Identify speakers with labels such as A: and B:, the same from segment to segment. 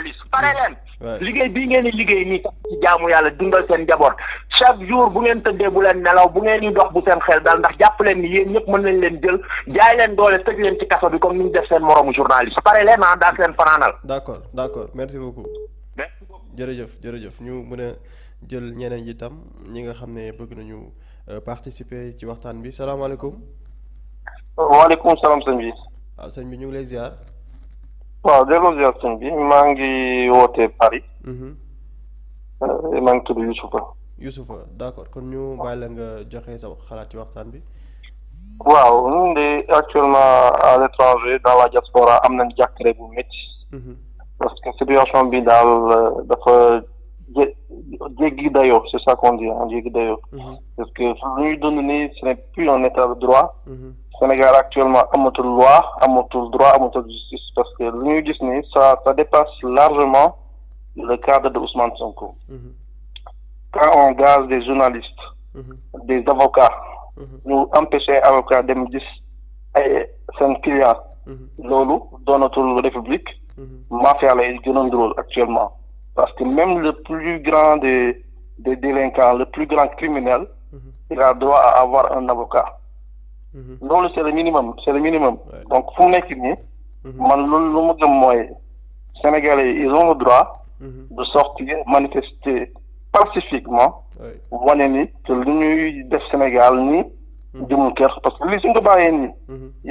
A: journaliste pare hmm. leen liggéey bii ngeen di liggéey nii tax ci jaamu yàlla dundal seen njaboot chaque jour bu ngeen tëddee bu leen nelaw bu ngeen di dox bu seen xel dal ndax jàpp leen ni yéen ñëpp mën nañ leen jël jaay leen doole tëj leen ci kaso bi comme ni ñu def seen moroomu journaliste pare leen ah daal seen fanaanal
B: d'accord d'accord merci beaucoup jërëjëf jërëjëf ñu mën a jël ñeneen yi tam ñi nga xam ne bëgg nañu euh, participer ci waxtaan bi salaamaaleykum
A: waaleykum salaam sëñ bi
B: waaw ñu ngi lay
A: waaw delloo ziar sëñ bi maa ngi wootee Paris. Mhm. Eh, e maa ngi tudd Youssoufa.
B: Youssoufa d'accord kon ñu bàyyi la nga joxe sa xalaat ci waxtaan bi.
C: waaw ñun de
A: actuellement à l'étranger dans la diaspora am nañ jàkkare bu métti. Mhm. parce que situation bi daal euh, dafa jéggi dayoo c'est ça qu'on dit ah jéggi dayoo. Mhm. parce que lu ñuy dund nii ce n'est plus état de droit. Mhm. Sénégal actuellement amatul loi amatul droit amatul justice parce que lu ñuy gis nii ça dépasse largement le cadre de Ousmane Sonko. Mhm. quand on gaze des journalistes. des avocats. ñu empêcher avocats dem gis ay seen clients. loolu doonatul république. mafia lay gën a nduróol actuellement. Parce que même le plus grand des, des délinquants, le plus grand criminel, mm -hmm. il a droit à avoir mhm. c'est le minimum c'est le minimum. donc fu mu nekk nii. Mhm. man loolu lu ma gëm mooy Sénégalais ils ont le mhm. de sortir manifester pacifiquement. wane ni te lu ñuy def Sénégal nii. jëmul kër parce que lii suñ ko bàyyee nii.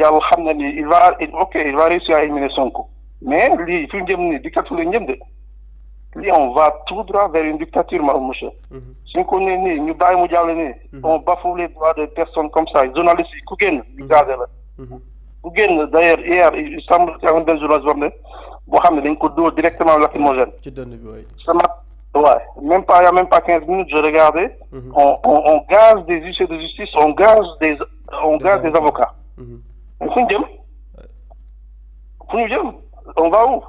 A: yàlla xam na ni il va ok il va réussir à éliminer Sonko mais lii fi mu jëm nii di kàttu la ñëpp de. li on va tout droit vers une dictature ma monsieur mhm. suñ ko nee nii ñu bàyyi mu jàll nii mhm. on bafoue les droits des personnes comme ça journalistes yi ku génn ñu mhm. gazé la ku génn d'ailleurs hier il semble que am benn journaliste boo ne boo xam ne dañ ko dóor directement lacrymogène
B: ci dënn bi waay
A: sama waay même pas y a même pas quinze minutes je regardais on de justice on gaze des on gaze des avocats va où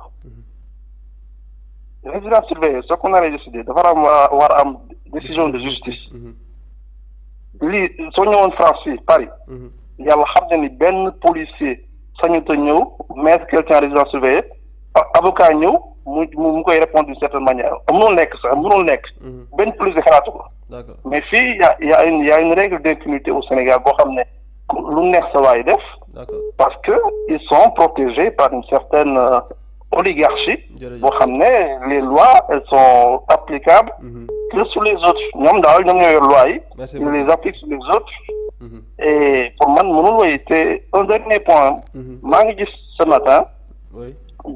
A: résidence surveillée soo ko décidé dafa am war a am décision de justice mhm. lii soo ñëwoon France fii Paris mhm. yàlla xam ne ni benn policier sañu ta ñëw mettre quelqu'un en résidence surveillée avocat ñëw mu mu koy répondre d'une certaine manière mënul nekk sax mënul nekk mhm. benn policier xalaatu ko mais fii y a y a une règle d'impunité au Sénégal boo xam ne lu neex sa waay def parce que ils sont protégés par une certaine euh, oligarchie boo xam ne les lois elles sont applicables mhm. que sur les autres ñoom daal ñoom ñoo yor loi yi ils les appliquent sur les autres mhm. et pour man mënul woy te un dernier point mhm. maa ngi gis ce matin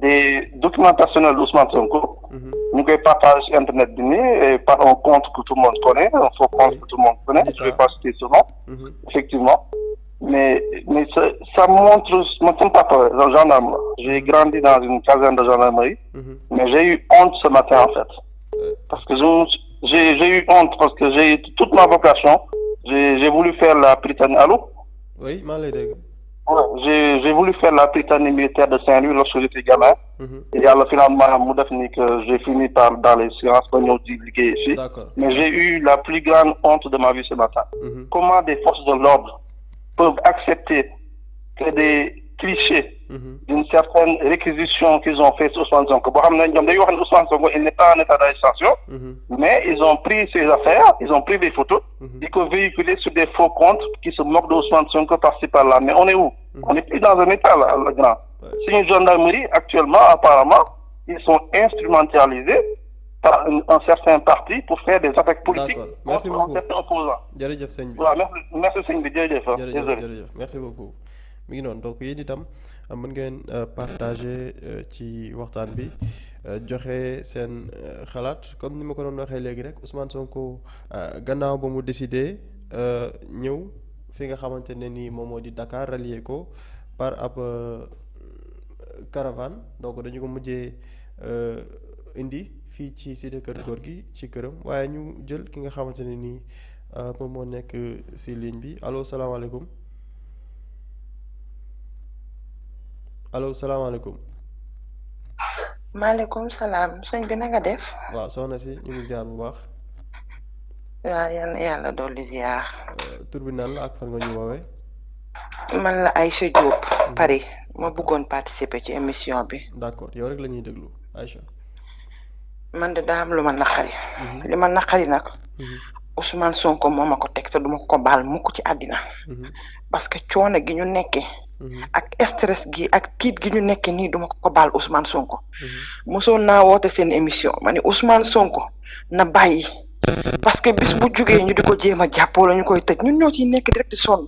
A: des documents personnels d'Ousmane Sonko ñu koy partage internet bi nii par un compte tout le monde connaît un faux compte que tout le monde connaît je vais pas citer mais mais ça, ça montre mon papa un gendarme j'ai grandi dans une caserne de gendarmerie mm -hmm. mais j'ai eu honte ce matin en fait parce que j'ai eu honte parce que j'ai toute ma vocation j'ai voulu faire la Britannie allô
B: oui maladie
A: ouais, j'ai voulu faire la Britannie militaire de Saint-Louis lorsque j'étais gamin
C: mm -hmm. et alors
A: finalement mu def ni que j'ai fini par dans les sciences ba ñëw di liggéey ici mais j'ai la plus grande honte de ma vie ce matin mm -hmm. comment des de l'ordre peuvent accepter que des clichés mmh. d'une certaine réquisition qu'ils ont fait sur Ousmane Sonko boo xam ne ñoom dañuy wax ne Ousmane Sonko il n'est pas en état d'arrestation mhm. mais ils ont pris ses affaires ils ont pris des photos mhm. di ko véhiculer sur des faux comptes qui se moquent de Ousmane Sonko par-ci par-là mais on est où mhm. on n'est plus dans un état là le grand suñu gendarmerie actuellement apparemment ils sont instrumentalisés par un certain parti pour faire des attaques politiques
B: merci contre beaucoup. un jërëjëf sëñ bi waaw merci
A: merci sëñ bi jërëjëf désolé jërëjëf
B: merci mi ngi noonu donc yéen itam euh, mën ngeen euh, partager euh, ci waxtaan bi joxe seen xalaat comme ni ma ko doon waxee léegi rek soo ko gannaaw ba mu décidé ñëw fi nga xamante ne nii moom moo di Dakar rallié ko par ab caravane donc dañu ko mujjee Euh, indi fii ci cité kër góor gi ci këram waaye ñu jël ki nga xamante ne nii euh, moom moo nekk si ligne bi aloo salaamaaleykum allo salaamaaleykum.
D: maaleykum salaam sëñ bi na def.
B: waaw soxna si ñu ngi ziar bu baax.
D: waaw yal yàlla dolli ziar.
B: Euh, tur la ak fan nga ñu woowee. man la Aïcha
D: Diop. Mhm. Paris ma bëggoon participer ci émission bi. d'accord yow rek la ñuy déglu. man de daa am lu ma naqari mhm. li ma naqari nag mhm. Ousmane Sonko moo ma ko teg te duma ko baal mukk ci àddina mhm. parce que coono gi ñu nekkee ak stress gi ak tiit gi ñu nekkee nii duma ko baal Ousmane Sonko mosoon naa woote seen émission ma ne Ousmane Sonko na bàyyi parce que bis bu jugee ñu di ko jéem a jàppoo la ñu koy tëj ñun ñoo ciy nekk direct sonn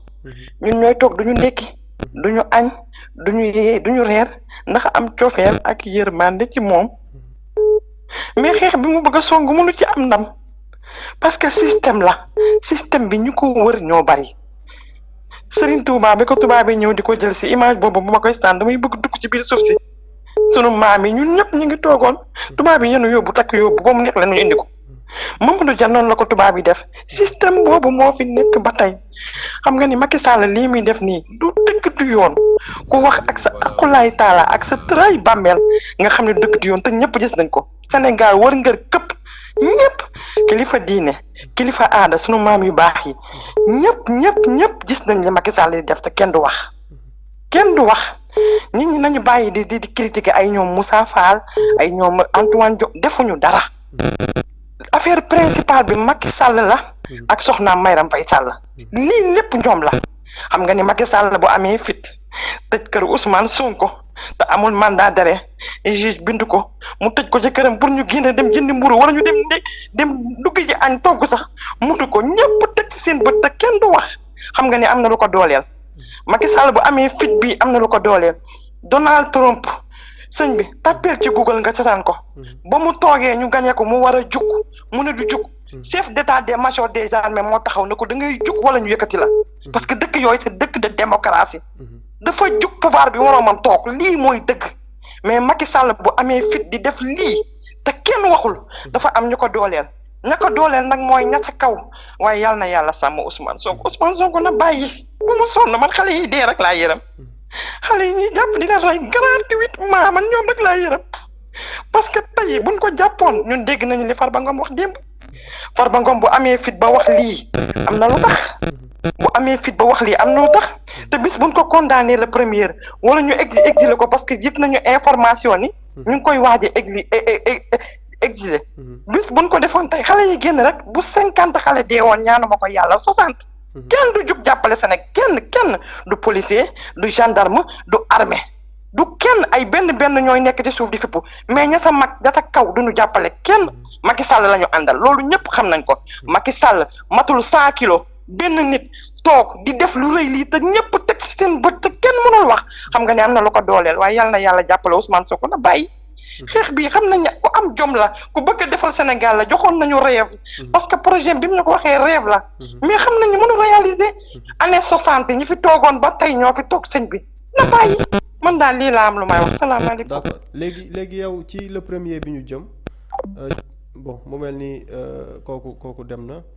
D: ñun ñooy toog duñu ndekki duñu añ duñu yee duñu reer ndax am cofeel ak yërmande ci moom mais xeex bi mu bëgg a song mënu ci am ndam parce que système la système bi ñu ko wër ñoo bari Serigne Touba bi ko tubaab bi ñëw di ko jël si image boobu bu ma koy sànn damay bëgg dugg ci biir suuf si sunu maam yi ñun ñëpp ñu ngi toogoon tubaab yi yenu yóbbu takk yóbbu ba mu neex la ñu indi ko. Mamadou Dia noonu la ko tubaab yi def système boobu moo fi nekk ba tey xam nga ni Macky Sall lii muy def nii du dëgg du yoon ku wax ak sa akulaay taala ak sa tëraay bàmmeel nga xam ne dëgg du yoon te ñëpp gis nañ ko Sénégal war ngër këpp ñëpp kilifa diine kilifa aada suñu maam yu baax yi ñëpp ñëpp ñëpp gis nañ li Macky Sall di def te kenn du wax kenn du wax nit ñi nañu bàyyi di di critiquer ay ñoom Moussa Fall ay ñoom Antoine defuñu dara affaire principale bi Macky Sall la hmm. ak soxnaam Mayram Faye Sall hmm. lii lépp ñoom la xam nga ni Macky Sall bu amee fit tëj kër Ousmane Sonko te amul mandat d'arrêt juge bind ko mu tëj ko ci këram pour ñu génne dem jëndi mburu wala ñu dem de dem dugg ji añ togg sax mënu ko ñëpp tëj seen bët te kenn du wax xam nga ni am na lu ko dooleel hmm. Macky Sall bu amee fit bi am na lu ko dooleel Donald Trump sëñ bi tappeel ci google nga setaan ko mm-hmm. ba mu toogee ñu gañee ko mu war a jug mu ne du jug mm-hmm. chef d'état des major des armées moo taxaw ne ko da ngay jug wala ñu yëkkati la mm-hmm. parce que dëkk yooyu c'est dëkk de démocratie dafa jug pouvoir bi waroo moroomam toog lii mooy dëgg mais Macky Sall bu amee fit di def lii te kenn waxul dafa am ñu ko dooleel ña ko dooleel nag mooy ña kaw waaye yàlla na yàlla sàmm Ousmane Sonko Ousmane Sonko na bàyyi bu ma sonn man xale yi dee rek laa yërëm xale yi ñuy jàpp di leen rey gratuitement man ñoom rek laa yërëm parce que tey buñ ko jàppoon ñun dégg nañu li Farba Ngom wax démb Farba Ngom bu amee fit ba wax lii am na lu tax bu amee fit ba wax lii am na lu tax te bis buñ ko condamné le premier wala ñu exi exilé ko parce que yëg nañu information ni ñu ngi koy waaj a exi e-, e-, e-, exilé mhm. bis buñ ko defoon tey xale yi génn rek bu cinquante xale deewoon ñaanuma ko yàlla soixante Mhm. kenn du jug jàppale Sénégal kenn kenn du policier du gendarme du armée du kenn ay benn benn ñooy nekk ci suuf di fippu mais ña sa mag ña sa kaw du ñu jàppale kenn mhm. maki Sall la ñu àndal loolu ñëpp xam nañ ko mhm. maki Sall matul cent kilos benn nit toog di def lu rëy lii te ñëpp teg ci seen bët kenn mënul wax xam nga ne am na lu ko dooleel waaye yàlla na yàlla jàppale Ousmane Sonko na bàyyi. xeex bi xam nañ ne ku am jom la ku bëgg defal Sénégal la joxoon nañu rêve mhm. parce que projet bi mu ñu ko waxee rêve la mhm. mais xam nañu mënu réaliser mhm. année soixante ñu fi toogoon ba tey ñoo fi toog sëñ bi na bàyyi man daal lii laa am lu may wax salaamaaleykum. d'accord léegi léegi yow ci le premier
B: bi
C: ñu jëm euh, bon mu mel ni euh, kooku kooku dem na.